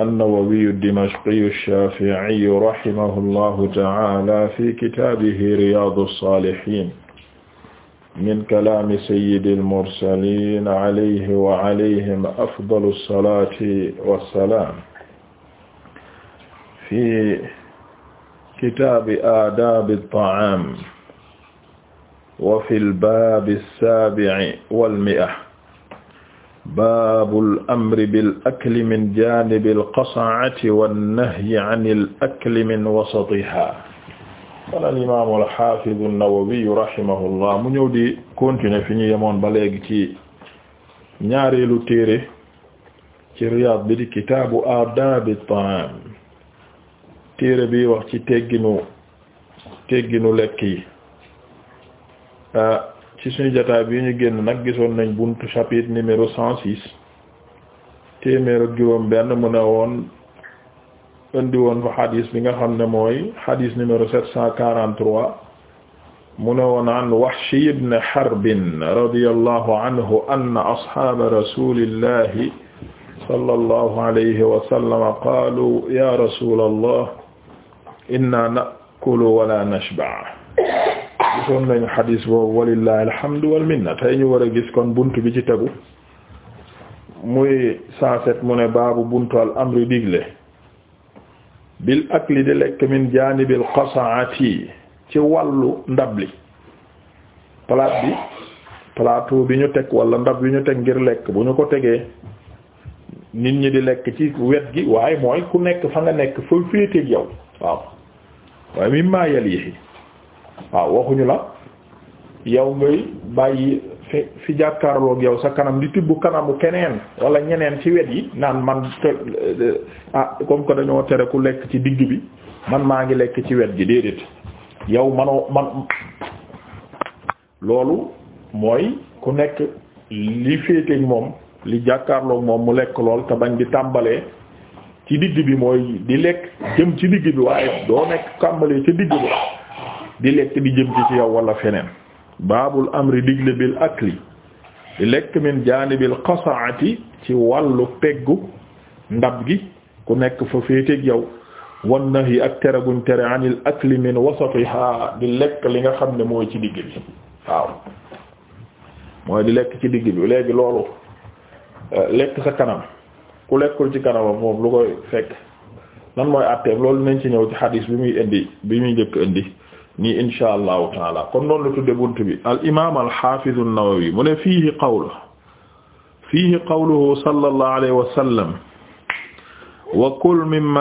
an-Nawawiyu ad-Dimashqiyu ash-Shafi'iyu rahimahullahu ta'ala fi kitaabihi Riyaadu as-Saalihiin min kalaami sayyidil mursaliin alayhi wa alayhim afdalu salaati wa salaam fi kitaabi aadaabi at-ta'aam wa fil baabi as-saabi'i wal mi'a baabul amri bil akli min jaanibil qasa'ati wan nahyi anil akli min wasatihaa qaala al imaam al haafiz an-Nawawi rahimahullah mu ñëw di continuer fi ñu yemoon ba léegi ci ñaareelu téere ci Riyaad bi di kitaabu aadaabi ta'aam téere bi wax ci tegginu tegginu lekk yi. ci suñu jotaay bi ñu génn nag gisoon nañ buntu chapitre numéro cent six téeméer ak juróom benn mu ne woon indi woon fa xadis bi nga xam ne mooy xadis numéro sept cent quarante-trois mu ne woon an Wahshi ibn Harb radiyallahu anhu anna ashaaba rasulillahi sallallahu alayhi wa sallam ya rasulallah inna nakulu wala nashba gisoon nañu xadiis boobu walillahi alhamdu wal minna tey ñu war a gis kon bunt bi ci tegu muy cent sept mu ne baabu buntu al amri digle bil akli di lekk min jaanibil qasaati ci wàllu ndab li palaat bi plateau bi ñu teg wala ndab bi ñu teg ngir lekk bu ñu ko tegee nit ñi di lekk ci wet gi waaye mooy ku nekk fa nga nekk fa féeteeg yow waaw waaye mimma yalihi waaw waxuñu la yow ngay bàyyi fi fi jàkkaarloog yow sa kanam di tibb kanamu keneen wala ñeneen ci wet yi naan man ah comme que dañoo tere ku lekk ci digg bi man maa ngi lekk ci wet gi déedéet yow manoo man loolu mooy ku nekk li féeteeg moom li jàkkaarloog moom mu lekk lool te bañ di tàmbalee ci digg bi mooy di lekk jëm ci digg bi waaye doo nekk tàmbalee ci digg bi di lekk di jëm ci ci yow wala feneen baabul amri digle bil akli di lekk min jaanibil qasaati ci wàllu peggu ndab gi ku nekk fa féeteeg yow wan yi ak tere guñ tere anil akli min wasatiha di lekk li nga xam ne mooy ci digg bi waaw mooy di lekk ci digg bi léegi loolu euh, lekk sa kanam ku lekkul ci kanamam moom lu koy fekk lan mooy àtteeb loolu nañ ci ñëw ci xadiis bi muy indi bi muy njëkk indi nii insha allahu taala kon noonu la tudde bunt bi al imaam al xaafiz an-Nawawi mu ne fiihi qawlu fiihi qawluhu sallallahu alayhi wa sallam wa kul mu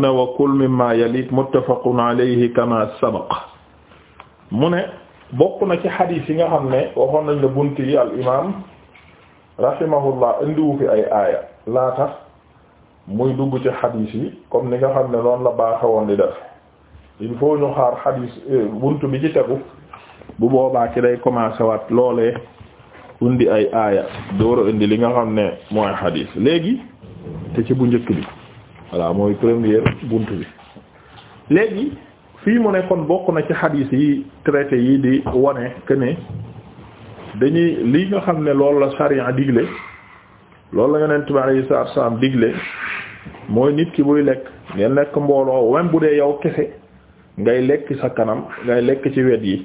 ne wa kul mimma yalik muttafaqun kama sabaq mu ne bokk na ci xadiis yi nga xam ne waxoon nañ la bunt yi al imaam rahimahullah indiwu dugg ci xadiis yi comme nga xam ne noonu la baaxewoon di def il faut ñu xaar xadiis euh, buntu bi ci tegu bu boobaa ki lay commencé waat loole undi ay aaya door a indi li nga xam ne mooy xadiis léegi te ci bu njëkk bi voilà mooy première buntu bi léegi fii mu nekkoon bokk na ci xadiis yi traité yi di wane que ne dañuy li nga xam ne loolu la sharia digle loolu la yonent bi yi salaatu wa salaam digle mooy nit ki buy lekk ngeen lekk mbooloo même bu dee yow kese ngay lekk sa kanam ngay lekk ci wet yi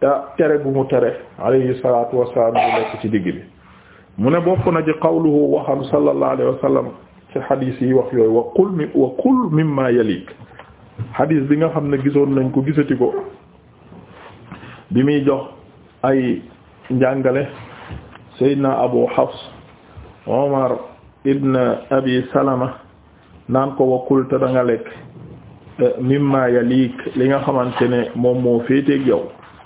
te tere bu mu tere alayhi salaatu wasalaam bu lekk ci digg bi mu ne bokk na ci qawluhu waxam sallallahu wa sallam ci xadiis yi wax yooyu wa kul mi wa kul mimma yalik xadiis bi nga xam ne gisoon nañ ko gisati ko bi muy jox ay njàngale Seydina Abu Hafs Omar ibn Abi Salama naan ko wa kul te da nga lekk mimma yalik li nga xamante ne moom moo féeteeg yow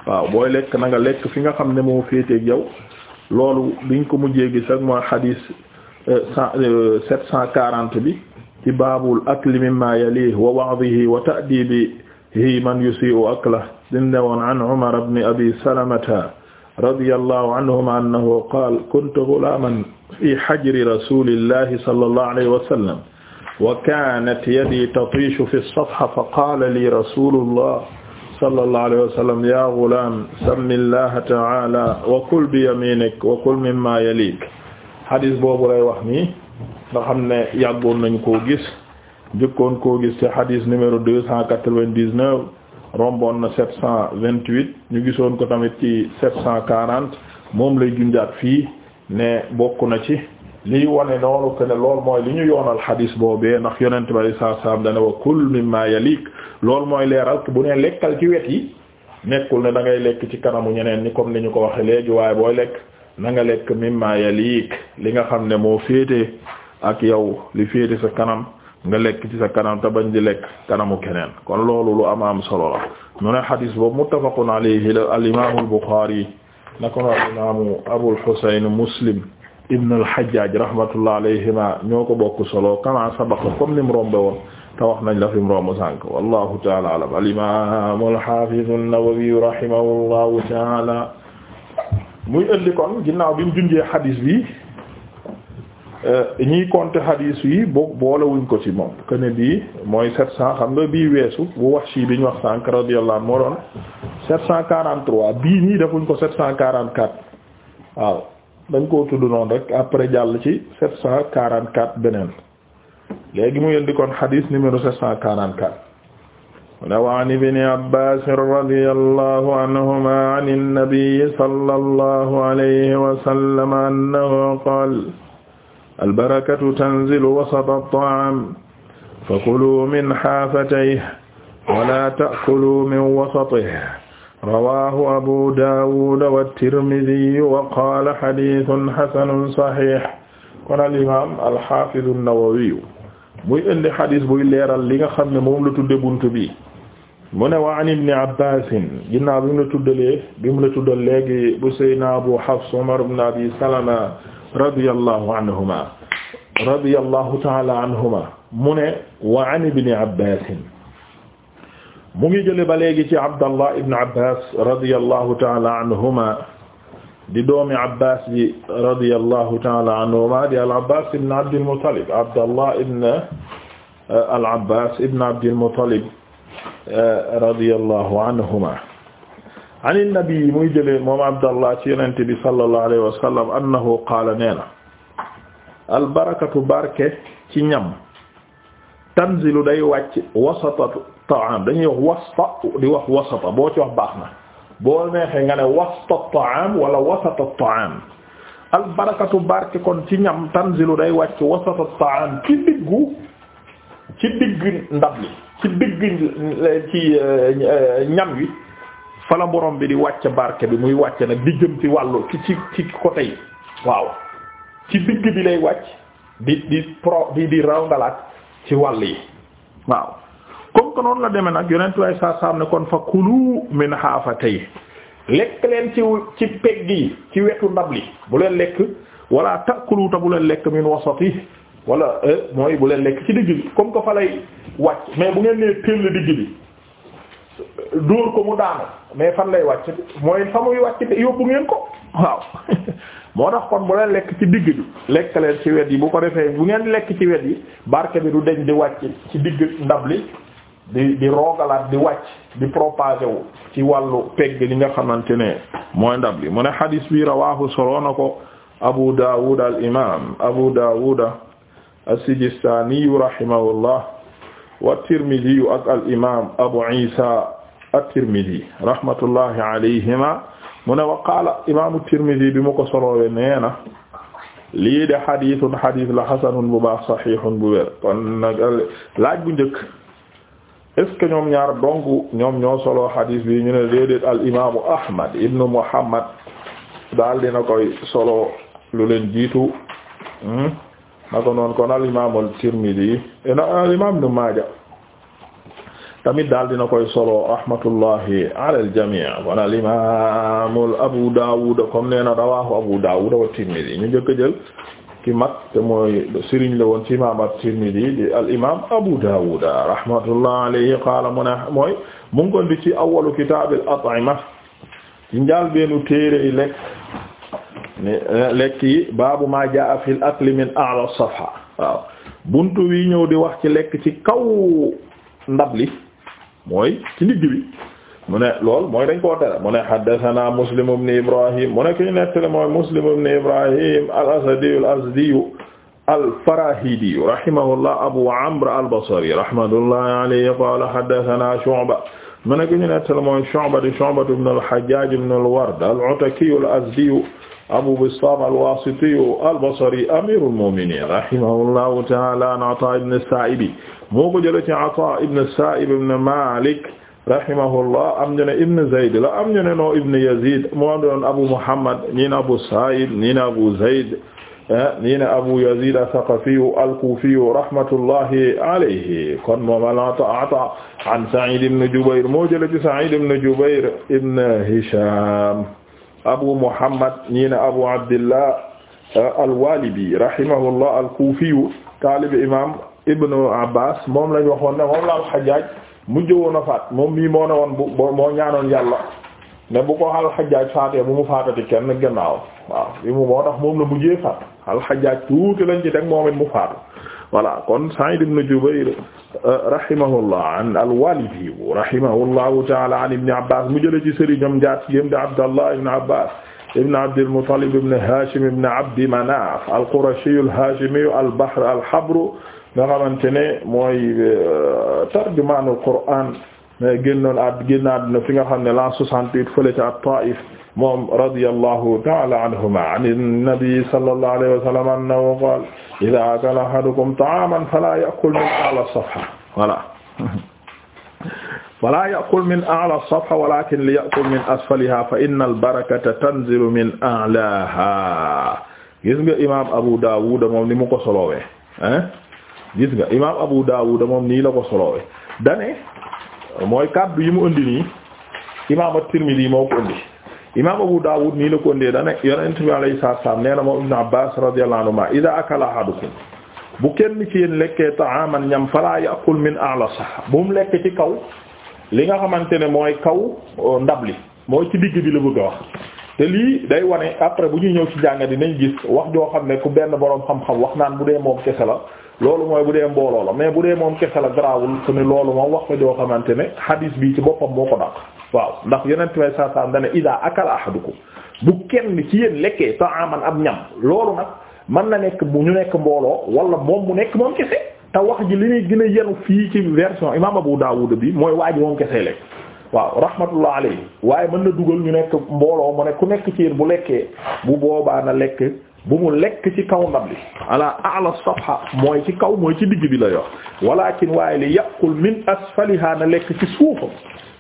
waaw booy lekk na nga lekk fi nga xam ne moo féeteeg yow loolu biñ ko mujjee gis ak mooy xadis euh, euh, sept cent quarante bi ci baabul akli mimma yalih wa wa'dihi wa ta'dibihi man yusi'u aklah dinde woon an umar ibn abi salamata radiyallahu anhuma annahu qaala kuntu ghulaman fi hajri rasulillahi sallallahu alayhi wa sallam wa kaanat yadii tatiishu fi safha fa qaala lii rasuulullah sallallahu alayhi wa sallam yaa sammi llaaha ta'aalaa wa kul bi yamiinik wa kul mimmaa yaliik boobu lay wax nii nga xam ne yàggoon nañu koo gis jëkkoon koo gis ci hadis numéro deux cent quatre-vingt-dix-neuf romboon na sept cent ñu gisoon ko tamit ci sept cent moom lay junjaat fii ne bokk na ci. li wane noonu que ne loolu mooy li ñu yoonal xadis boobee ndax yonent bi saa saam dana wa kul mimma yalik loolu mooy leeral bu ne lekkal ci wet yi nekkul ne da ngay lekk ci kanamu ñeneen ni comme ni ñu ko waxe léegi waaye booy lekk na nga lekk mimma yalik li nga xam ne moo féete ak yow li féete sa kanam nga lekk ci sa kanam te bañ di lekk kanamu keneen kon loolu lu am am solo la mu ne xadis boobu muttafaqun alayhi al imaamu al Buxaari na ko al imaamu Abul Husayn Muslim ibn al-Hajjaj rahmatullah alayhima ñoo ko bokk solo kama sabaqa comme ni mu rombe woon te wax nañ la fi mu romb sànq wallahu ta'ala alam al-imam al-hafiz an muy indi kon ginnaaw bi mu junjee xadis bi eh, ñiy compter xadis yi boo boolewuñ ko ci moom que bii mooy sept cent xam nga bii weesu bu Wahshi bi ñu wax sànq radiyallahu anhu moo doon sept cent quarante-trois bii ñii defuñ ko sept cent quarante-quatre waaw dañ koo tudd noonu rek après jàll ci sept cent quarante quatre beneen léegi mu indi kon xadiis numéro sept cent quarante quatre ne waan ibni abbas radiyallahu anhuma an annabiyi sallallahu alayhi wa sallam annahu qaala albarakatu tanzilu wasata at-ta'aam fakuluu min haafatayhi wa laa ta'kuluu min wasatihi rawaahu abu daawuda wa tirmidiyu wa qaala xadiisun xasanun saxiix kon al imaam alxaafidu nawawiyu muy indi xadis buy leeral li nga xam ne moom la tudde bunt bi mu ne wa an ibni abbaasin ginnaaw bi mu la tuddalee bi mu la tuddal léegi bu sayna abu xafs umar ibn abi salama radiyallahu anhuma radiyallahu taala anhuma mu ne wa an ibni abbaasin mu ngi jële ba léegi ci abdallah ibn abbas radiyallahu taala anhuma di doomi abbas bi radiyallahu taala anhuma di al abbas ibn abdil muttalib abdallah ibn euh, al abbas ibn abdil muttalib euh, radiyallahu anhuma an nabi muy jële moom abdallah ci yonent bi sallallahu alayhi wa sallam annahu qaala nee na al barakatu barke ci ñam tanzilu day wàcc wasatatu taam dañuy wax wasta di wax wasata boo ci wax baax na boo neexee nga ne wasta taam wala wasata taam al barakatu barke kon ci ñam tanzilu day wàcc wasata taam ci diggu ci digg ndab li ci digg ci euh, ñam wi fala borom bi di wàcc barke bi muy wàcc nag di jëm ci wàllu ci ci ci côté yi waaw ci digg bi lay wàcc di di pro di di raw ngalaat ci wàll yi waaw comme que la demee nag yonent waaye saa am ne kon fa kulu min tey lekk leen ci ci pegg yi ci wetu ndab li bu leen lekk wala takulu ta bu leen lekk min wasati wala euh, mooy bu leen lekk ci digg bi comme que fa lay mais bu ngeen nee teel digg bi dóor ko mu daanu mais fan lay wàcc mooy fa muy wàcc yóbbu ngeen ko waaw moo tax kon bu leen lekk ci digg bi lekk leen ci wet yi bu ko defee bu ngeen lekk ci wet yi barke bi du deñ di wàcc ci digg ndab li di di roogalaat di wàcc di propagé wu ci li nga xamante ne mooy ndab li mu ne xadis bi rawahu soloo na ko Abu Dawud al imam Abu Dawud as-Sijistani rahimahullah wa Tirmidhi al imam Abu Isa at-Tirmidhi rahmatullahi alayhima mu ne wa qaala imaamu bi mu ko soloowe nee na lii de xadisun xadis la xasanun bu baax saxiixun bu wér laaj bu njëkk est ce que ñoom ñaar dong ñoom ñoo solo xadiis bi ñu ne déedéet al imaamu Ahmad koy solo lu leen jiitu hmm? na ko noon kon al imaamu eh, al Tirmidi al imaam Ibnu Maaja tamit daal dina koy solo rahmatullahi ala al jamii' kon al imaamu Abu Daawud comme nee na rawaahu Abu Daawud wa Tirmidi ñu njëkk a jël. ki mag te mooy sëriñ la woon ci imam Abu Dawud rahmatullah alayhi qaala mu mooy mu ngi kon di ci awwalu kitaab al-at'ima ci njaal beenu téere lekk lekk baabu ma jaa fi al min a'la as buntu wi ñëw di wax ci lekk ci kaw ndab li mooy ci ndigg bi mu ne lool mooy dañ koo tere mu ne haddathana muslim ibn ibrahim mu ne ki ñu nettale mooy muslim ibn ibrahim al asadi al azdi al farahidi rahimahullah abu amr al basri rahmatullahi alayhi qala haddathana shu'ba mu ne ki ñu nettale mooy shu'ba di shu'ba ibn al hajjaj ibn al ward al ataki al azdi abu bistam al wasiti al basri amir al mu'minin rahimahullahu ta'ala an ata ibn sa'ib moo ko jële ci ata ibn sa'ib ibn malik rahimahullah am ñu ne ibn Zayd la am ñu ne noo ibn Yazid moo doon Abu Muhammad ñii ne Abu Sa'id ñii ne Abu Zayd ah, ñii ne Abu Yazid as-Saqafi al-Kufi rahmatullahi alayhi kon moom alata ata an Sa'id ibn Jubayr moo jële ci Sa'id ibn Jubayr ibn Hisham Abu Muhammad ñii ne Abu Abdillah ah, al-Walibi rahimahullah al-Kufi taalib imam Ibn Abbas moom lañ waxoon ne moom la al-Hajjaj mujj woon a faat moom mii moo ne woon bu moo ñaanoon yàlla ne bu ko alxajaaj faatee bu mu faatati kenn gannaaw waaw bi mu moo tax moom la mujjee faat alxajaaj tuuti lañ ci teg moom it mu faatu voilà kon Sa'id ibn Jubayr euh, rahimahullah an al-Walidi rahimahullahu ta'ala an Ibn Abbas mu jëlee ci sëriñam jaar Abdi Manaf al-Qurashi al-Hashimi al-Bahr al-Habr nga xamante ne mooy euh, tarjumaanul Qur'aan génnoon at génnaat na fi nga xam ne la 68 fële ca Taif moom radiyallahu ta'ala anhuma an an-nabi sallallahu alayhi wa sallam annahu qala idha akala ahadukum ta'aman fala ya'kul min a'la as-safha voilà fala ya'kul min a'la as-safha walakin liya'kul min asfaliha fa inna al-barakata tanzilu min a'laha gis nga imam Abu Dawud moom ni mu ko solowee gis nga imaam Abu Dawud moom nii la ko soloowe dane mooy kaddu yi mu indi nii imaam at-Tirmidhi moo ko indi imaam Abu Dawud nii la ko indee dane yonent bi alayhi salaam nee na moom Ibn Abbas radiyallahu anhuma idha akala ahadukum bu kenn ci yéen lekkee ta'aman ñam fala ya'kul min a'la sah bu mu lekk ci kaw li nga xamante ne mooy kaw euh, ndab li mooy ci digg bi la bëgg wax te lii day wane après bu ñuy ñëw ci jàng dinañ gis wax joo xam ne ku benn boroom xam wax naan bu dee moom loolu mooy bu dee mbooloo la mais bu dee moom kese la garaawul su ne loolu moom wax fa joo xamante ne hadis bi ci boppam moo ko daq waaw ndax yonent way saa saa dana ida akala ko bu kenn ci yéen lekkee ta'aman ab ñam loolu nag man na nekk bu ñu nekk mbooloo wala moom mu nekk moom kese te wax ji li ñuy gën a yenu fii ci version imam Abu Dawud bi mooy waa ji moom kese lekk waaw rahmatullah alayhi waaye mën na dugal ñu nekk mbooloo mu ne ku nekk ci yéen bu lekkee bu boobaa na lekk bu mu lekk ci kaw ndab li ala ala safha mooy ci kaw mooy ci digg bi la yor walakin waaye li yàqul min asfaliha na lekk ci suufam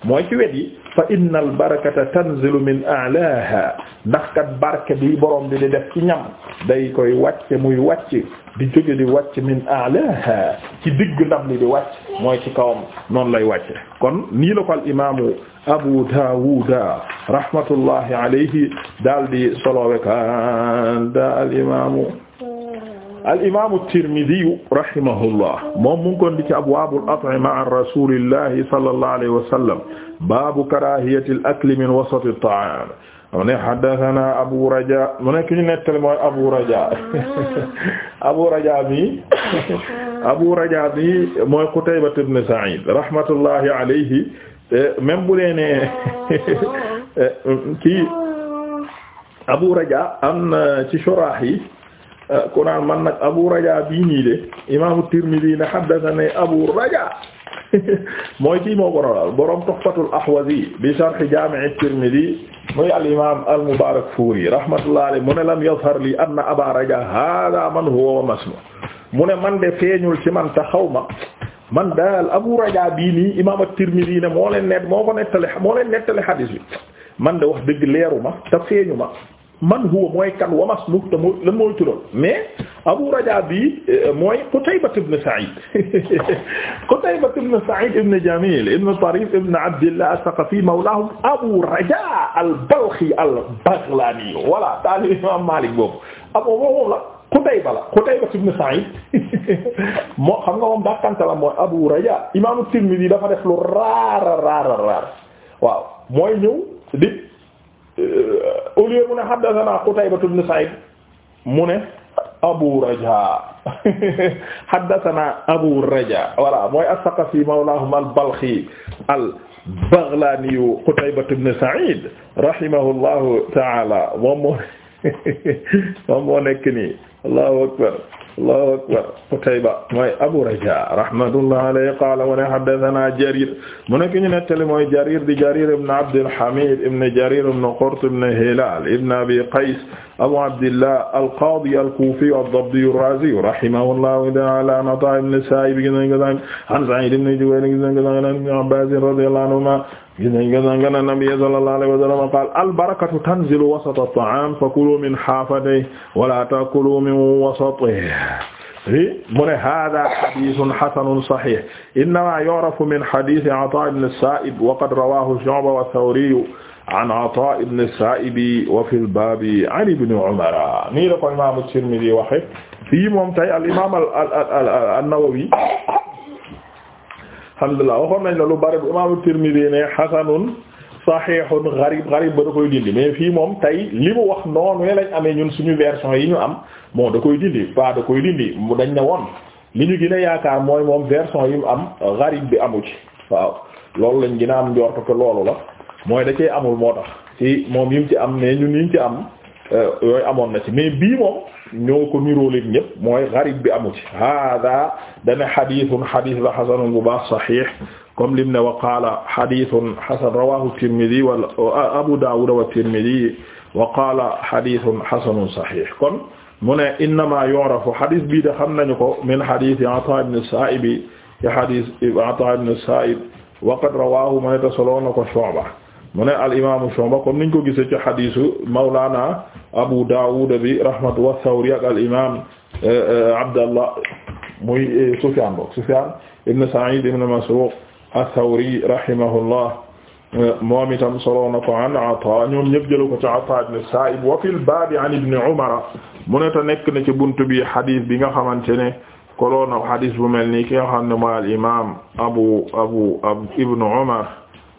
mooy ci wet yi fa inna al barakata tanzilu min a'laha ndax kat barke bi borom bi di def ci ñam day koy wàcce muy wàcc di jóge di wàcc min a'laha ci digg ndab li di wàcc mooy ci kawam noonu lay wàcce kon nii la ko al imaamu Abu Daawuda rahmatullahi alayhi daal di solowekanda al imaamu al imaamu Tirmidi rahimahullah moom mu ngi kon di ci abwaabul at'ima an rasuulillahi sallallahu alayhi wa sallam baabu karaahiyatil akli min wasati ta'aam mu ne haddasanaa Abu Rajaa mu ne ki ñu nettali mooy Abu Rajaa Abu Rajaa mi Abu Rajaa mi mooy Qutayba ibn Sa'iid rahmatullahi alayhi même bu dee ne eh, kii Abu Rajaa am na ci shuraax yi ku euh, man nag Abu Raja bii nii de imaamu Tirmidhi ne haddathani Abu Raja mooy kii moo ko rawal borom Tuhfatul Ahwazi bi sharh Jami' at-Tirmidhi muy al-imaam al-Mubarakfuri rahmatullahi alayhi mu ne lam yazhar li anna Aba Raja man huwa masnu mu ne man man ta xawma man daal Abu Raja bii nii imaam at-Tirmidhi ne moo leen net moo ko nettali moo leen nettali hadis bi man de wax dëgg leeru ma te feeñu ma man huwa mooy kan wa masmuh te mooy lan mooy turam mais Abu Rajaa bi euh, mooy Qutayba ibn Sa'id Qutayba ibn Sa'id ibn Jamil ibn Tarif ibn Abdillah as-Saqafi mawlaahum Abu Rajaa al-Balkhi al-Baghlani voilà taalibu Imaam Maalik boobu amoo moom la Qutayba la Qutayba ibn Sa'id moo xam nga moom dàqante la mooy Abu Rajaa Imaam Tirmidhi dafa def lu raar raar raar waaw mooy ñëw di. Euh, au lieu mu ne haddathana Qutayba ibn Sa'id mu ne Abu Raja haddathana Abu Raja voilà mooy as-Saqafi mawlahum al-Balkhi al-Baghlani Qutayba ibn Sa'id rahimahullahu ta'ala moom moo moom moo nekk nii Allahu akbar Allahu akbar Qutayba mooy Abu Raja rahmatullah alayhi qaala mu ne haddathana Jarir mu nekk ñu nettali mooy Jarir di Jarir ibn Abdul Hamid ibn Jarir ibn Qurt ibn Hilal ibn Abi Qays Abu Abdillah al-Qadi al-Kufi ad-Dabbi ar-Razi rahimahullahu ta'ala an Ata ibn Sa'ib an Sa'id ibn Jubayr ibn Abbas radiyallahu anhuma gis nañ gana ngana nabi sallallahu alayhi wa sallam qaal albarakatu tanzilu wasata at-ta'am fakulu min haafatihi wa la takulu min wasatihi mu ne hada hadithun hasanun sahih innama yu'rafu min hadithi ata ibn as-sa'ib wa qad rawahu shu'ba wa thawri an ata ibn as-sa'ib wa fi al-babi an ibn umar nii la ko imam at-tirmidhi waxe fii moom tay al imam an-nawawi alhamdulillah waxoon nañ la lu bari bu imaamu Tirmidhi ne xasanun sahihun gharib gharib ba da koy dindi mais fii moom tey li mu wax noonu lañ amee ñun suñu version yi ñu am moo da koy dindi pas da koy dindi mu dañ ne woon li ñu gën a yaakaar mooy moom version yi mu am gharib bi amu ci waaw loolu lañ gën a am njort ko loolu la mooy da cee amul moo tax ci moom yi mu ci am ne ñun yi mu ci am euh, yooyu amoon na ci mais bii moom ñoo ko niróoleeg ñëpp mooy garib bi amu ci hada dana xadithun xadis la xasanun bu baax saxix comme lim ne wa qaala xadithun xasan rawahu tirmidi wala abu dawud wa tirmidi wa qaala xadithun xasanun saxix kon mu ne innama yu'rafu xadis bii de xam nañu ko min xadis ata ibn sa'ib ci xadis ata ibn sa'ib wa qad rawahu mu ne te soloon na ko Shu'ba mu ne al imaamu Shu'ba comme niñ ko gisee ci xadisu mawlaana Abu Dawud bi rahmatu wa Thawri ak al imaam eh, eh, Abdallah muy eh, Sufyan bok Sufyan ibn Sa'id ibn Masruq ath-Thawri rahimahullah moom itam solo na ko an Ata ñoom ñëpp jël ko ci Ata ibn Sa'ib wa fil baab an ibn Umar mu ne ta nekk na ci buntu bi hadith bi nga xamante ne solo na hadith bu mel nii ki nga xam ne mooy al imaam Abu Abu Ibn Umar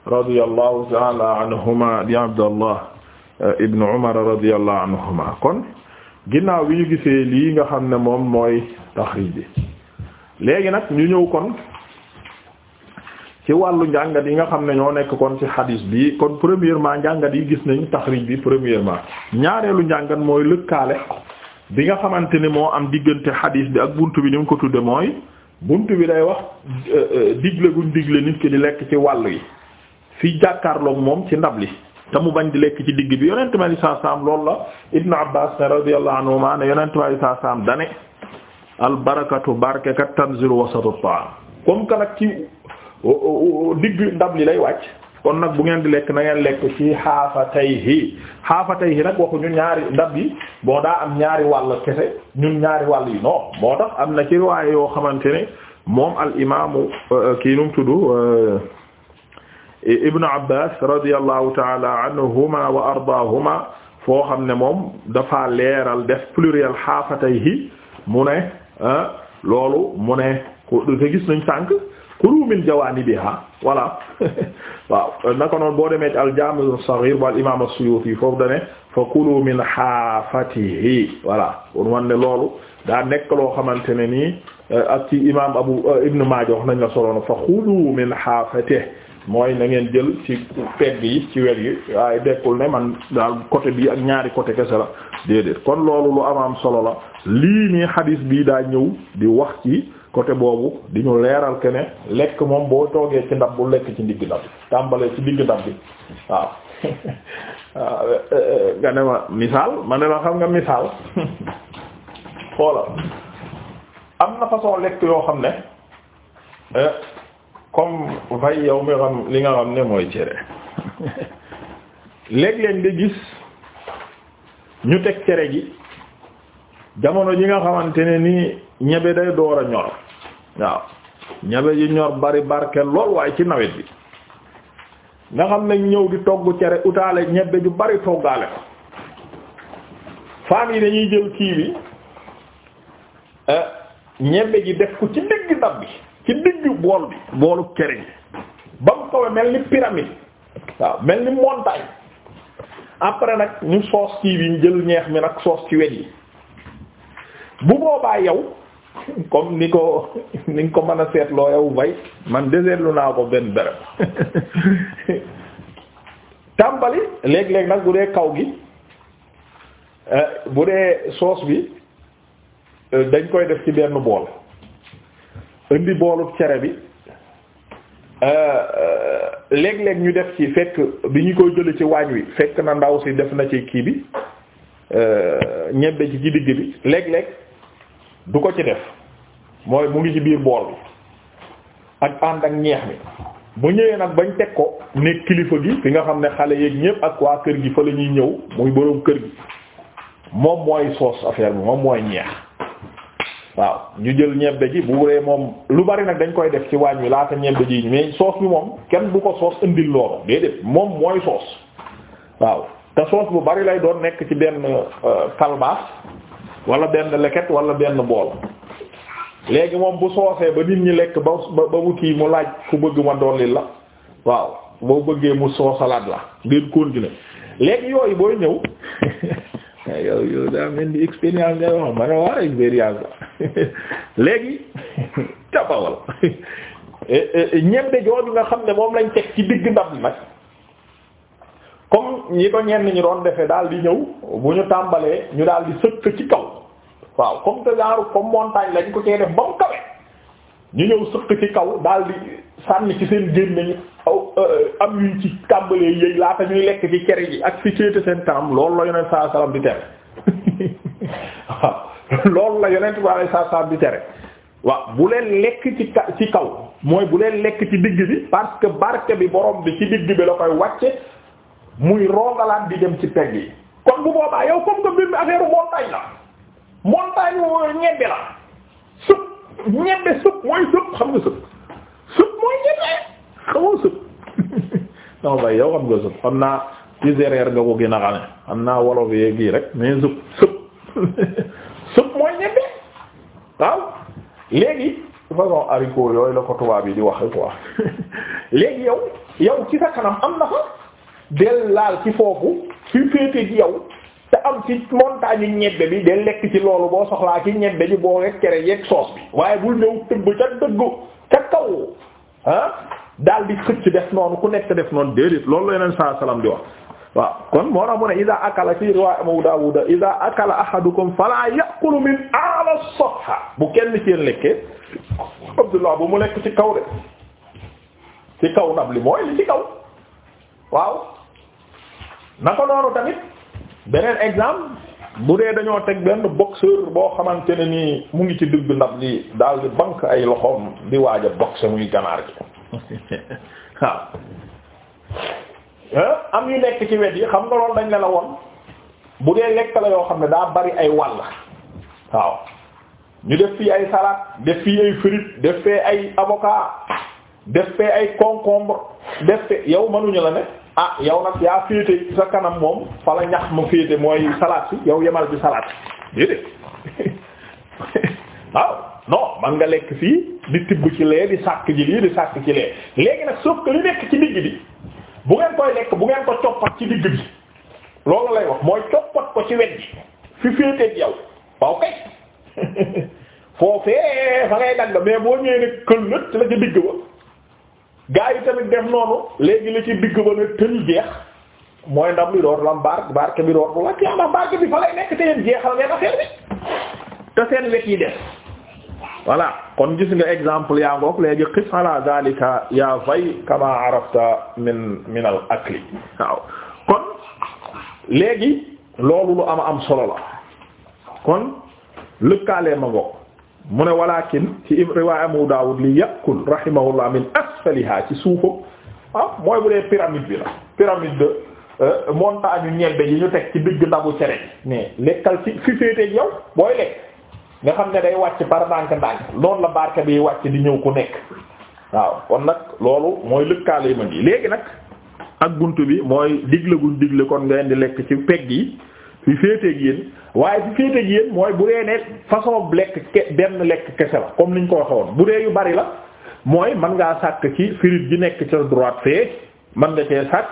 radiyallahu ta'ala anhuma di Abdallah Euh, ibnu umar radiyallahu anhuma kon ginnaaw bi ñu gisee lii nga xam ne moom mooy taxrij bi léegi nag ñu ñëw kon ci wàllu njàngat yi nga xam ne ñoo nekk kon ci hadis bi kon premièrement njàngat yi gis nañ taxrij bi premièrement ñaareelu njàngat mooy lëkkaale bi nga xamante ni moo am diggante hadis bi ak bunt bi ni mu ko tudde mooy bunt bi day wax euh, euh, digle guñ digle nit ki di lekk ci wàll yi fi jàkkaarloog moom ci ndab li te mu bañ di lekk ci digg bi yonent ma ni saa saam loolu la Ibn Abbas ne radiyallahu anhuma ne yonent ma ni saa saam dane al barakatu barke kat tanzilu wasatu ta'am comme que nag ci digg ndab li lay wàcc kon nag bu ngeen di lekk na ngeen lekk ci xaafatayhi xaafatayhi nag waxuñu ñaari ndab yi bon daa am ñaari wàll kese ñun ñaari wàll yi non moo tax am na ci riwaaya yoo xamante ne moom al imaamu euh, kii nu mu tudd euh, ibnu abbas radiallahu taala anhuma wa ardaahuma foo xam ne moom dafa leeral def pluriel xaafatayhi mu ne ah, loolu mu ne ko te gis nañ sànq kulu min jawaanibiha voilà waaw naka noonu boo demee ci al-jaami' as-saghir bu al-imaam as-suyuuti foofu dane fa kulu min xaafatihi voilà kon wan ne loolu daa nekk loo xamante ne nii eh, ak ci imaam abu eh, ibn maaja wax nañ la soloon fa kulu min xaafatihi mooy na ngeen jël ci pegg yi ci wet yi waaye dekkul ne man daal côté bi ak ñaari côté kese la déedéet kon loolu lu am am solo la lii nii xadiis bii daa ñëw di wax ci côté boobu di ñu leeral ke lekk moom boo toogee ci ndab bu lekk ci ndigg ndab tàmbalee ci digg ndab bi waaw ah, euh, euh, nga ne misaal ma ne la xam nga misaal xoolal am na façon lekk yoo xam ne euh, comme fay yow mi xam li nga xam ne mooy cere léeg-léeg gis ñu teg cere gi jamono ji nga xamante ne nii ñebe day door a ñor waaw ñebe ji ñor bari barke lool waaye ci nawet bi nga xam ne ñëw di togg cere utaale ñebe ju bari toggaale ko femme yi dañuy jël kii bi eh, ñebe ji def ko ci digg ndab bi ci digg bool bi boolu cere gi ba mu kawee mel ni pyramide waaw mel ni montagne après nag ñu soos kii bi ñu jël ñeex mi nag soos ci wet yi bu boobaa yow comme ni ko ni ko mën a seetloo yow bay man deseetlu naa ko benn bërëb tàmbali léeg-léeg nag bu dee kaw gi eh, bu dee soos bi eh, dañ koy def ci benn bool indi boolu cere bi euh, euh, léeg-léeg ñu def ci fekk bi ñu koy jëlee ci waañ wi fekk na ndaw si def na ci kii bi euh, ñebbe ci ci digg bi léeg-léeg du ko ci def mooy mu ngi ci biir bool bi ak ànd ak ñeex mi bu ñëwee nag bañ teg ko nekk kilifa gi fi nga xam ne xale yeeg ñépp ak waa kër gi fa la ñuy ñëw muy boroom kër gi moom mooy soos affaire bi moom mooy ñeex waaw ñu jël ñebbe ji bu dee moom lu bari nag dañ koy def ci waañ wi laata ñebbe ji mais soos bi moom kenn du ko soos indi loolu déedéet moom mooy soos waaw te soos bu bari lay doon nekk ci benn euh, kalbaas wala benn leket wala benn bool léegi moom bu soosee ba nit ñi lekk ba ba mu kii mu laaj ku bëgg ma dolli la waaw boo bëggee mu soosalaat la ngeen continuer léegi yooyu booy ñëw yow yow daa mel ni expérience ngay wax ma ne war léegi tabawal eh, eh, ñebbe jooju nga xam ne moom lañ teg ci digg ndab li nag comme ñi ko ñenn ñi doon defee daal di ñëw bu ñu tàmbalee ñu daal di sëkk ci kaw waaw comme que genre comme montagne lañ ko cee def ba mu kawe ñu ñëw sëkk ci kaw daal di sànni ci seen gémmiñ aw eh, am yuñ ci tàmbalee yëy laata ñuy lekk ci cere ji ak fi ceete seen kanam loolu la ñu ne saa salaam di tere waaw. loolu la yonent bi alayhi salaam di tere waaw bu leen lekk ci ka ci kaw mooy bu leen lekk ci digg bi parce que barke bi borom bi ci digg bi la koy wàcce muy roogalaat di dem ci pegg yi kon bu boobaa yow comme que mbir mi affaire la montagne mooy ñebbe la sup ñebbe sup mooy sup xam nga sup sup mooy ñebbe xamoo sup non bay yow xam nga sup xam naa ci séeréer nga ko gën a xame xam naa wolof yee gii rek mais sup sup sëpp mooy ñebe waaw léegi façon haricot yooyu la ko tubaab yi di ko quoi léegi yow yow ci sa kanam am na fa del laal ci foofu fi féete ci yow te am ci montagne ñebbe bi del lekk ci loolu boo soxlaa ci ñebbe ji boo rek cere yeeg soos bi waaye bul ñëw tëbb ca dëggu ca kaw ah daal di xëcc def noonu ku nekk def noonu déedéet loolu la yeneen saa salaam di wax waaw kon moo tax mu ne ida akala fi riwaaya Abu Daawuda ida akala ahadukum fala yaqulu min ala safha bu kenn ci lekkee Abdullah bu mu lekk ci kaw de ci kaw ndab li mooy li ci kaw waaw naka noonu tamit beneen exemple bu dee dañoo teg benn boxeur boo xamante ne nii mu ngi ci digg ndab li daal di bank ay loxoom di waaj a boxe muy ganaar gi waaw am yu nekk ci wet yi xam nga loolu dañ ne la woon bu dee lekk la yoo xam ne daa bari ay wàll waaw ñu def fii ay salaat def fii ay frites def fee ay avocat def fee ay concombre def fee yow mënuñu la ne ah yow nag yaa féete sa kanam moom fa la ñax mu féete mooy salaat si yow yemal bi salade déedéet waaw non man nga lekk fii di tibb ci lee di sàkk ji lii di sàkk ci lee léegi nag sauf que li nekk ci digg bi bu ngeen koy lekk bu ngeen ko coppat ci digg bi loolu lay wax mooy coppat ko ci wet bi fi féeteeg yow waaw kay foofee fa ngay dagg mais boo ñëwee ne këllët la ci digg ba gaa yi tamit def noonu léegi la ci digg ba ne tël jeex mooy ndam li door lam barke barke bu la ci am barke bi fa lay nekk te yéen jeexal ngeen affaire bi te seen wet yi def voilà kon gis exemple yaa ngoog léegi qis ala zalika yaa fay kama arafta min min kon léegi loolu lu ama am solo la kon lëkkaalee ma ngoog mu ne walakin ci riwaaya Abu Daawud li yàqul rahimahullah min asfaliha ci suufam ah mooy bu dee pyramide bi la pyramide de euh, montagne ñebbe yi ñu teg ci digg ndabu cere mais lekkal ci fi féeteeg yow booy lekk nga xam ne day wàcc par ndànk-ndànk noonu la barke bi wàcc di ñëw ku nekk waaw kon nag loolu mooy lëkkaale ma ngi léegi nag ak bunt bi mooy digle guñ digle kon ngeen di lekk ci pegg yi fi féeteeg yéen waaye fi féeteeg yéen mooy bu dee ne lekk benn lekk kese la comme niñ ko waxee woon bu dee yu bari la mooy mën ngaa sàkk ci frite ji nekk ca droite fee mën nga cee sàkk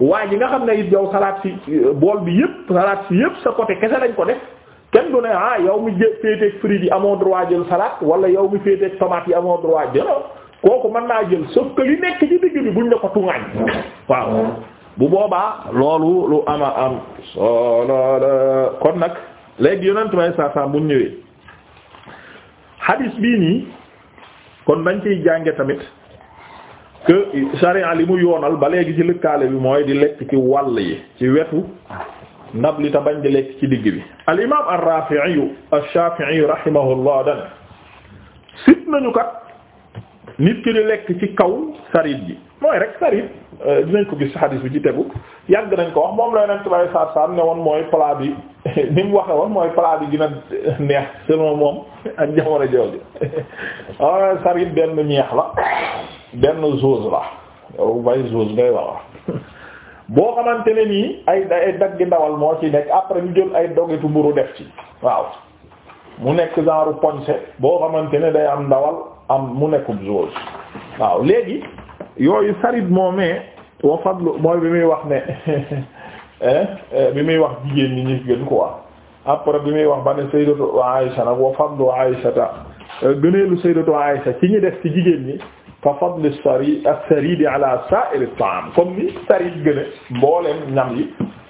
waaye ji nga xam ne it yow salaat si euh, bool bi yépp salaat si yépp sa côté kese lañ ko def. kenn du ne ah yow mi jé féeteeg fruits yi amoo droit jël salade wala yow mi féeteeg tomate yi amoo droit jël ah, kooku man naa jël sauf que li nekk ci digg bi buñ ne ko tuŋaañ waaw bu boobaa loolu lu ama am kon nag léegi yonent may saa saa buñ ñëwee hadis bii nii kon dañ ciy jànge tamit que sharia li mu yoonal ba léegi ci lëkkaale bi mooy di lekk ci wàll yi ci wetu ndab li te bañ di lekk ci digg bi al imaam ar-Rafi'i ash-Shafi'i rahimahullah dana sit nañu kat nit ki di lekk ci kaw sarit bi mooy rek sarit euh, dinañ ko gis hadis bi ci tegu yàgg nañ ko wax moom la Yonent bi sallallahu alayhi wasallam ne woon moom ak jamono jooju waaw sarit benn ñeex la benn zose la yow bay zose ngay wax boo xamante ne nii ay ay dagg ndawal moo ci nekk après ñu jël ay dogetu mburu def ci waaw mu nekk genre poñse boo xamante ne day am ndawal am mu nekk zose waaw léegi yooyu sarit moomee wa fadlu mooy bi muy wax ne euh, bi muy wax jigéen ñi ñu gën quoi après bi muy wax ba ne sayyidatu Aisha nag wa fadlu Aisha ta euh, gëneelu sayyidatu Aisha ci ñi def ci jigéen ñi ka fadli sari as yi ala sa'ir at-ta'am comme ni sarid gën a mbooleem ñam yi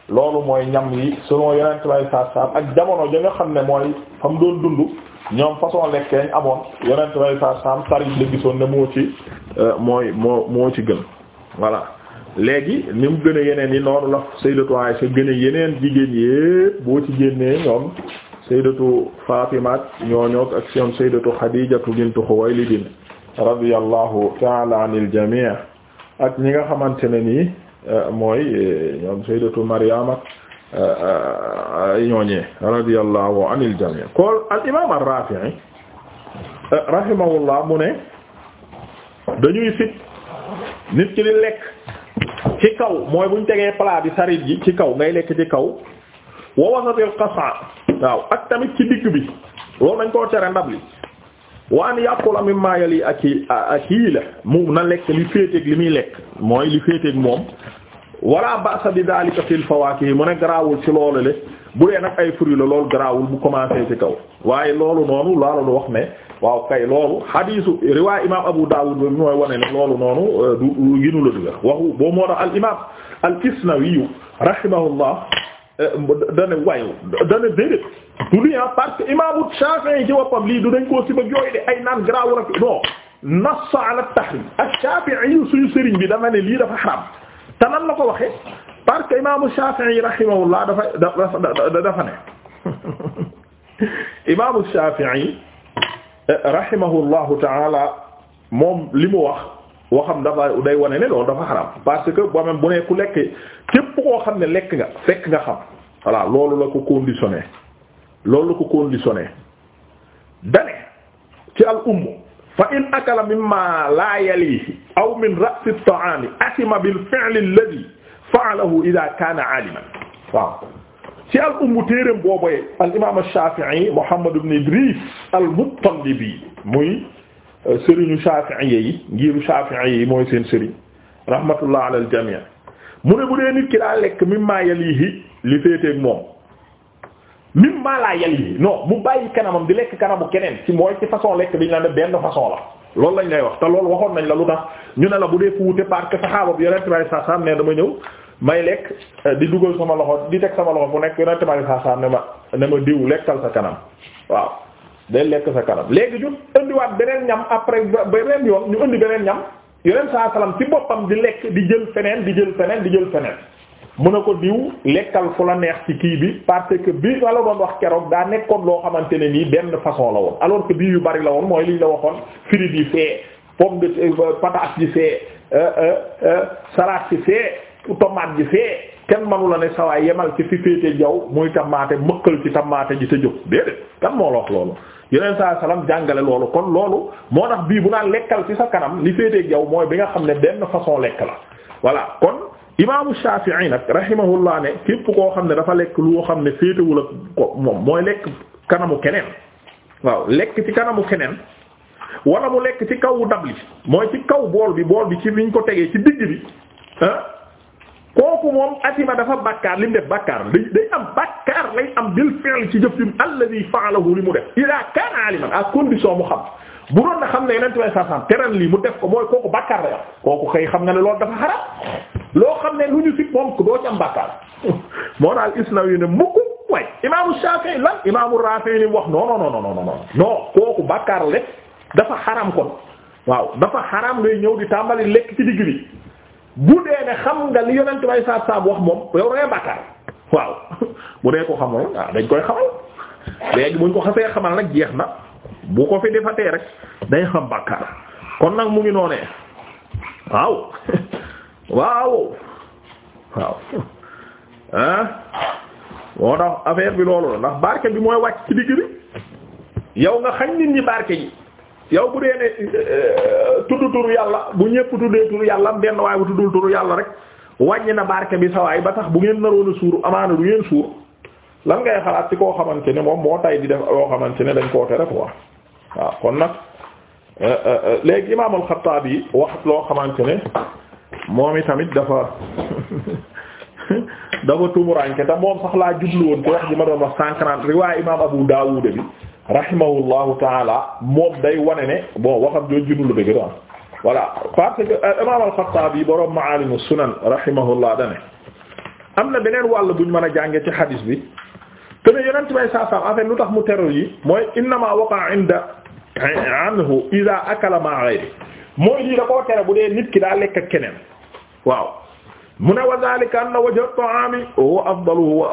loolu mooy ñam yi selon yeneen bay sa ak jamono ja nga xam ne mooy fa mu doon dund ñoom façon lekkeeñ amoon yeneen bay sa sam sarid la gisoon ne moo ci euh, mooy moo moo ci gën voilà léegi ni gën a yeneen yi noonu la sayyidatu Aisha gën a yeneen jigéen yépp boo ci génnee ñoom sayyidatu Fatima ñooñook ak seen sayyidatu Khadijatu bintu Khuwaylid radiyallahu taala an il jamii ak ñi nga xamante ne nii euh, mooy euh, ñoom sayyidatu Maryam ak euh, ñooñee radiyallahu an il jamii kool al imaam ar-Rafi'i rahimahullah mu ne dañuy sit nit ki di lekk ci kaw mooy buñ tegee plat bi sarit ji ci kaw ngay lekk ci kaw wa ak tamit ci digg bi loolu dañ koo tere ndab li waan yàqula mimma yali aki akiila mu na lekk li féeteeg li muy lekk mooy li féeteeg moom wala ba'sa bi daalika fil fawaakih mu ne garaawul ci loolu le bu dee nag ay fruits la loolu garaawul mu commencé ci kaw waaye loolu noonu loolu lu wax ne waaw kay loolu hadiisu riwaay imaam Abu Daawud bi mooy wane loolu noonu euh, du ginu la dëgër al imaam al Kisnawi rahimahullah dana euh, dana déedéet tuddi ah parce que imaamu Shafi'i ci woppam lii du dañ koo si ba jooy de ay naan garaaw rek non nass ala bi dafa ne lii dafa xaram te nan la ko waxee parce que imaamu Shafi'i rahimahullah dafa dafa dafa ne imaamu eh, ta'ala moom li mu wax waxam dafa day wane ne loolu dafa xaram parce que boo bu ne ku lekk képp koo xam ne lekk nga fekk nga xam voilà loolu la ko conditionné. loolu la ko conditionné dane ci al umm fa in akala la yalihi aw min ra's at-ta'ami atima bil fi'l alladhi fa'alahu idha kana aliman waaw ci al umm téereem booboye al imam ash-shafi'i muhammad ibn idris al-muttalibi muy euh, sëriñu shafi'i yi ngiru shafi'i yi mooy al jami' mu ne bu dee nit ki li féeteeg moom mim maa laa yal yi non mu bàyyi kanamam di lekk kanamu keneen ci mooy ci façon lekk bi ñu la ne benn façon la loolu lañ lay wax te loolu waxoon nañ la lu tax ñu ne la bu dee fu wute parce que saxaaba bi yonent bi saa ne dama ñëw may lekk eh, di dugal sama loxo di teg sama loxo bu nekk yonent bi saa saam ne ma ne ma diw lekkal sa kanam waaw day lekk sa kanam léegi ñu indiwaat beneen ñam après beneen yoon ñu indi beneen ñam yonent saa salaam ci boppam di lekk di jël feneen di jël feneen di jël feneen mu ne ko diw lekkal fu la neex ci kii bi parce que bi wala doon wax keroog daa nekkoon loo xamante ne nii benn façon la woon alors que bii yu bari la woon mooy lii la waxoon frite yi fee pomme de euh, patate yi fee euh, euh, salade yi fee tomate yi fee kenn manu la ne sawaay yemal ci fi féete jaw muy tamaate mëkkal ci tamaate ji te jóg déedéet kan moo la wax loolu yeneen saa salaam jàngale loolu kon loolu moo tax bii bu naan lekkal ci sa kanam li féete jaw mooy bi nga xam ne benn façon lekk la imaamu Shafi'i nag rahimahullah ne képp koo xam ne dafa lekk loo xam ne féetewul ak ko moom mooy lekk kanamu keneen waaw lekk ci kanamu keneen wala mu lekk ci kaw li mooy ci kaw bool bi bool bi ci liñ ko tegee ci digg bi ah kooku moom atima dafa bàkkaar li mu def bàkkaar day am bàkkaar lay am bil ci jëf jum alladhi fa'alahu li mu def ila kana aliman à condition mu xam bu doon na xam ne yeneen tubaab sàmm teral lii mu def ko mooy kooku bàkkaar la kooku xëy xam nga ne loolu dafa xaram loo xam ne lu ñu si moom doo ci am bàkkaar moo daal Isnawi ne mukk way imaamu Shafi'i wax non non non non non non kooku bàkkaar lekk dafa xaram waaw dafa xaram ngay ñëw di tàmbali lekk ci digg bi bu dee ne xam nga li yeneen tubaab sàmm wax moom yow da ngay waaw bu dee ko xamul waaw ah, dañ koy xamal léegi buñ ko xasee xamal nag jeex na. bu ko fi defatee rek day xam bàkkaar kon nag mu ngi noonee waaw waaw waaw ah moo tax affaire bi loolu ndax barke bi mooy wàcc ci digg bi yow nga xañ nit ñi barke yi yow bu dee ne euh, tudd turu yàlla bu ñépp tuddee turu yàlla benn waay bu tuddul turu yàlla rek wàññi na barke bi sa waay ba tax bu ngeen naroon a suur amaana du ngeen suur lan ngay xalaat ci koo xamante ne moom moo tay di def yoo xamante ne dañ koo tere quoi waaw kon nag euh, euh, euh, léegi imaam al-Xattaabi wax loo xamante ne moom itamit dafa dafa tumuranke te moom sax laa jublu woon ci wax ji ma doon wax cent quarante riwaay imaam Abu Daawud bi rahimahullahu taala moom day wane ne bon waxam jooju jublu la dëgg daal voilà parce que imaam al-Xattaabi borom Maalimu Sunan rahimahullah dane am na beneen wàll buñ mën a jànge ci hadis bi. te ne yonent bay lu tax mu teru mooy innama waqa inda anhu ida akala ma ghayri mooy lii da koo tere bu dee nit ki daa keneen waaw mu ne wa zalika anna wajha ta'ami huwa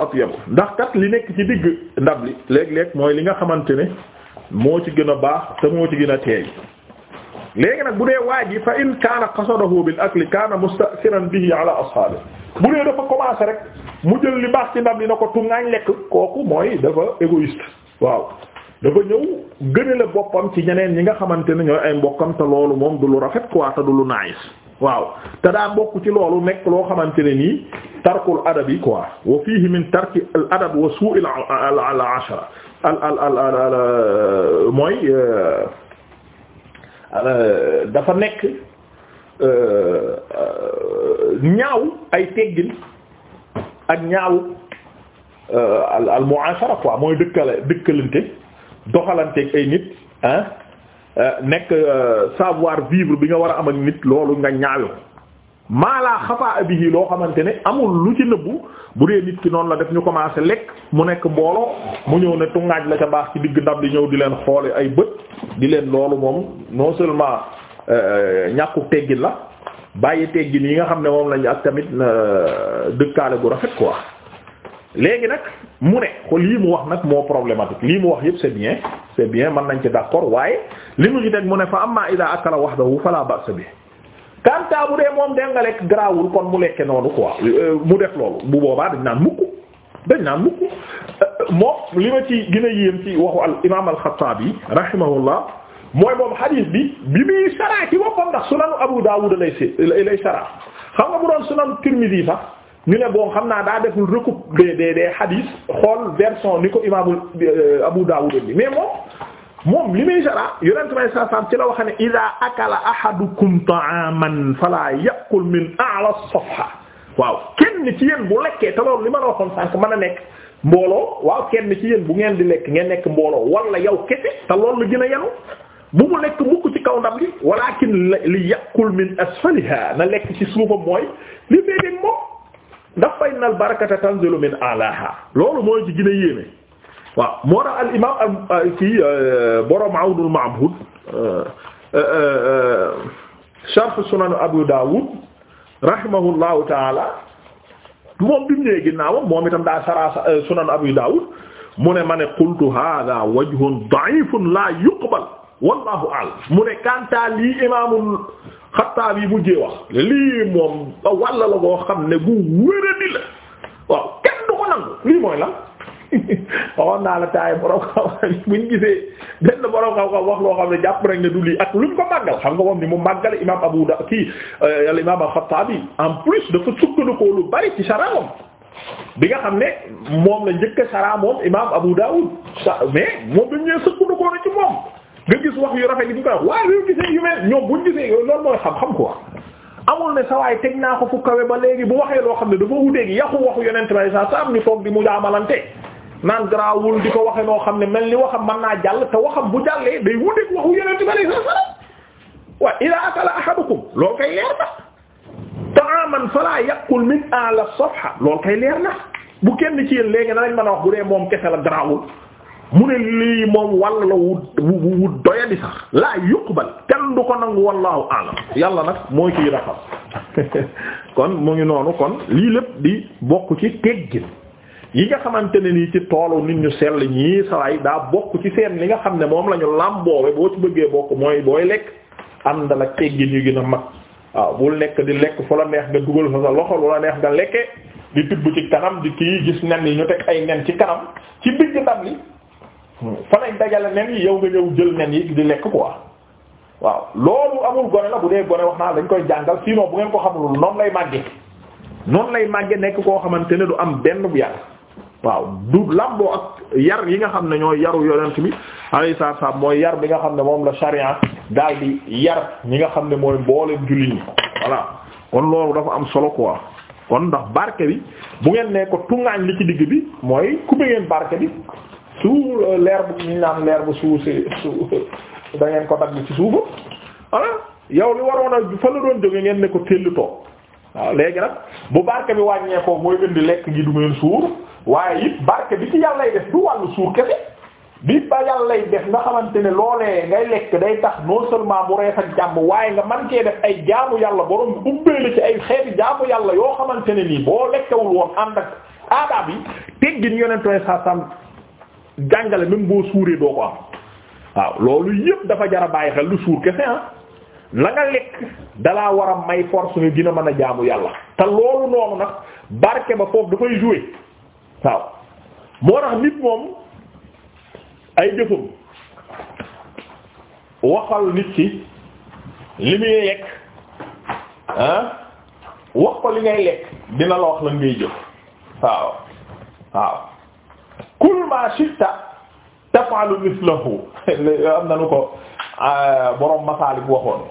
li nekk ci digg ndab li léeg-léeg mooy li nga xamante ne moo ci gën a baax te moo ci gën a teey léegi nag bu dee waa ji fa in kaana qasadahu akli kaana musta'siran bihi ala bu dee dafa commencé rek mu jël li baax ci ndam li na ko tuŋaañ lekk kooku mooy dafa égoïste waaw dafa ñëw la boppam ci ñeneen ñi nga xamante ne ñooy ay mbokkam te loolu moom du lu rafet quoi te du lu nice waaw te daa bokk ci loolu nekk loo xamante ne nii tarkul adabi quoi wa fihi min tarki al adab wa al al al al al mooy dafa nekk Euh, euh, ñaaw ay teggin ak ñaaw euh, al al mu'ashara quoi mooy dëkkale dëkkalante doxalanteeg ay nit nekk savoir vivre bi nga war a am ak nit loolu nga ñaawe maalaa xafaa bihi loo xamante ne amul lu ci nëbbu bu dee nit ki noonu la def ñu commencé lekk mu nekk mbooloo mu ñëw ne tungaaj la ca baax ci digg ndab li ñëw di leen xoole ay bët di leen loolu moom non seulement Euh, ñàkku teggin la bàyyi teggin yi nga xam ne moom lañu ak tamit euh, dëkkaale gu rafet ko quoi léegi nag mu ne ko lii mu wax nag moo problématique lii mu wax yépp c'est bien c'est bien mën nañ ci d'accord waaye li mu ñu teg mu ne fa amma ida akala wax wahdahu fala ba'sa bi kanta bu dee moom de nga lekk garaawul kon mu lekke noonu quoi euh, mu def loolu bu boobaa dañ naan mukk dañ naan mukk moom li ma ci gën yéem ci waxu al imam al-Xattaabi rahimahullah mooy moom hadith bi bi muy saraa ci boppam ndax sunanu Abu Dawud lay si lay saraa xam nga bu doon sunanu Tirmidhi sax ñu ne bon xam naa daa deful recoupe des des des hadith xool version ni ko imaamul euh, Abu Dawud bi mais moom moom li muy saraa yonent may sasam ci la wax ne idaa akala ahadukum ta'aman fala ya'kul min a'la as-safha waaw kenn ci yéen bu lekkee te loolu li ma la waxoon sànq mën a nekk mbooloo waaw kenn ci yéen bu ngeen di lekk ngeen nekk mbooloo wala yow kese te loolu la gën a yenu bu mu lekk mukk ci kaw ndab li walakin li yàqul min asfaliha na lekk ci suufam mooy li féeteeg moom ndax fa innal barakata tanzilu min alaha loolu mooy ci gën a yéeme waaw moo tax al imam al ci euh, borom awnul ma'bud euh, euh, sharh sunan abu dawud rahimahullahu taala moom bi mu ñëwee ginnaawam moom itam daa sara sunan abu dawud mu ne ma ne qultu hadha wajhun da'ifun la yuqbal wallahu a'lam mu ne kantaa lii imaamul yi mujjee wax lii moom walla la boo xam ne bu wéradi la waaw kenn du ko nangu lii mooy la waxoon naa la taay borom xam-xam buñ gisee benn borom xam wax loo xam ne jàpp rek ne du lii ak luñ ko màggal xam nga moom ni mu màggale imaam Abu Da kii euh, al imaam al-Xattaabi en plus dafa sukkandikoo lu bari ci saraawam bi nga xam ne moom la njëkk a saraa moom imaam Abu Daawud mais moom dañ ñëw sukkandikoo na ci moom. nga gis wax yu rafet yi ñu koy wax waaye yu gisee yu mel ñoom buñ gisee loolu mooy xam-xam quoi amul ne sa waay teg naa ko fu kawe ba léegi bu waxee loo xam ne dafa wuteegi yàqu waxu yonent bay sa sa am ñu toog di mu jaamalante naan garaawul di ko waxe noo xam ne mel ni waxam man naa jàll te waxam bu jàllee day wuteeg waxu yonent bay sa sa wa ila akala ahadukum loolu kay leer na ta'aman fala yaqul min a'la leer na bu kenn ci yéen léegi na lañ a wax bu dee moom kese la garaawul mu ne lii moom walla la wu wu doya sax laa yuqbal kenn du ko nangu wallahu alam yàlla nag mooy kii rafal kon mu ngi noonu kon lii lépp di bokk ci teggin yi nga xamante ne nii ci toolu nit ñu sell ñii sawaay daa bokk ci seen li nga xam ne moom lañu ñu làmboowe boo ci bëggee bokk mooy booy lekk àndal ak teggin yu gën a mag waaw bul nekk di lekk fu la neex nga dugal fa sa loxo lu la neex nga lekke di tibb ci kanam di kii gis nen yi ñu teg ay nen ci kanam ci digg fa lañ dajale nen yi yow nga ñëw jël nen yi di lekk quoi waaw loolu amul gone la bu dee gone wax naa dañ koy jàngal sinon bu ngeen ko xamul noonu lay màgge noonu lay màgge nekk koo xamante ne du am benn bu yar waaw du lamboo ak yar yi nga xam ne ñoo yaru yonent bi alayhi salaam mooy yar bi nga xam ne moom la sharia daal di yar ñi nga xam ne mooy boole jullit ñi voilà kon loolu dafa am solo quoi kon ndax barke bi bu ngeen ne ko tuŋaañ li ci digg bi mooy ku ngeen barke suu leer bu ñu naan leer bu suuf si suuf da ko dagg ci suufa voilà yow li waroon a fa la doon jóge ngeen ne ko tellu toog waaw léegi nag bu barke bi wàññeekoo mooy indi lekk gi du ngeen suur waaye it barke bi ci yàlla lay def du wàllu suur kese bi ba yàlla lay def nga xamante ne loolee ngay lekk day tax non seulement mu rees ak jàmm waaye nga man kee def ay jaamu yàlla borom bi ubbee la ci ay xeeti jaamu yàlla yoo xamante ne nii boo lekkewul woon ànd ak aadaab yi sa sam jàngale même boo suuree doo ko am waaw loolu yépp dafa jar a bàyyi xel lu suur kese ah la nga lekk dalaa war a may force nga gën a mën a jaamu yàlla te loolu noonu nag barke ba foofu dafay jouer waaw moo tax nit moom ay jëfam waxal nit ki li muy lekk ah wax ko li ngay lekk dina la wax lan ngay jëf waaw waaw kul ma shi'ta taf'alu mithlahu am na nu ko ah, borom Masaalik waxoon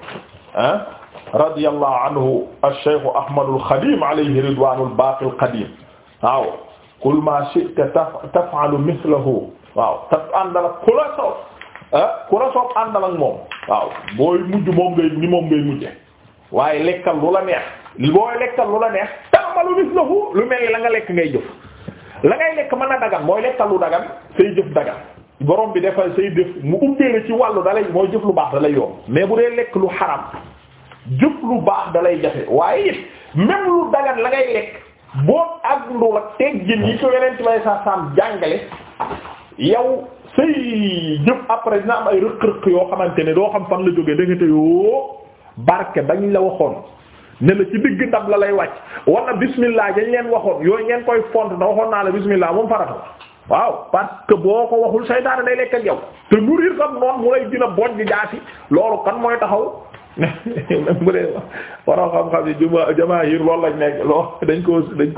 ah radiyallahu anhu ash-shaykh Ahmad al-Khadim alayhi ridwanu al-baaqi al-qadim waaw kul ma shi'ta taf'alu mithlahu waaw te àndal ak ku la soob ah, ku la soob àndal ak moom waaw booy mujj moom ngay ni moom ngay mujje waaye lekkal lu la neex booy lekkal lu la neex taf'alu mithlahu lu mel ni la nga lekk ngay jëf la ngay lekk mën a dagan mooy lekkal lu dagan say jëf dagan borom bi defal say jëf mu ubbee la ci wàllu dalay mooy jëf lu baax dalay yomb mais bu dee lekk lu xaram jëf lu baax dalay jafe waaye it même lu dagan la ngay lekk boo ak ndool ak teggin yi ko yeneen ci sa saam jàngale yow say jëf après dina am ay rëq-rëq yoo xamante ne doo xam fan la jóge danga te yoo barke bañ la waxoon ne la ci digg ndab la lay wàcc wala bismillah dañ leen waxoon yooyu ngeen koy font da waxoon naa la bismillah moom farata waaw parce que boo ko waxul saytaane day lekk ak yow te nourrir sam noon mu lay dina boj di jaasi loolu kan mooy taxaw même bu dee waroo xam-xam yi dañ koo dañ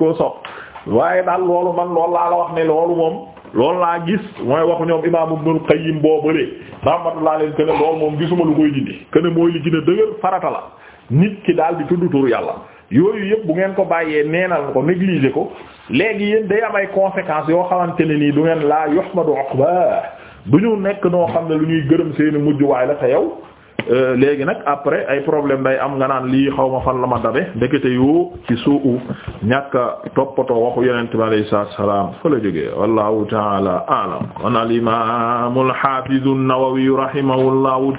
waaye daal loolu man loolu laa la wax ne loolu moom loolu laa gis mooy waxu ñoom imaam Ibnul Qayyim boo bëlee rahmatullah alayhi que ne loolu moom gisuma lu koy dindi que ne la nit ki daal di tudd turu yàlla yooyu yëpp bu ngeen ko bàyyee neenal ko négliger ko léegi yéen day am ay conséquences yoo xamante ne nii du ngeen laa yuhmadu uqba du ñu nekk noo xam ne lu ñuy gërëm seeni mujj waay la te yow euh, léegi nag après ay problème day am nga naan lii xaw ma fan la ma dabe ndekete yoo ci suu'u ñàkk toppatoo waxu yonent bi alayhi salaatu salaam fa la jógee wallahu taala a'lam wana al imam al hafiz an-Nawawi rahimahullahu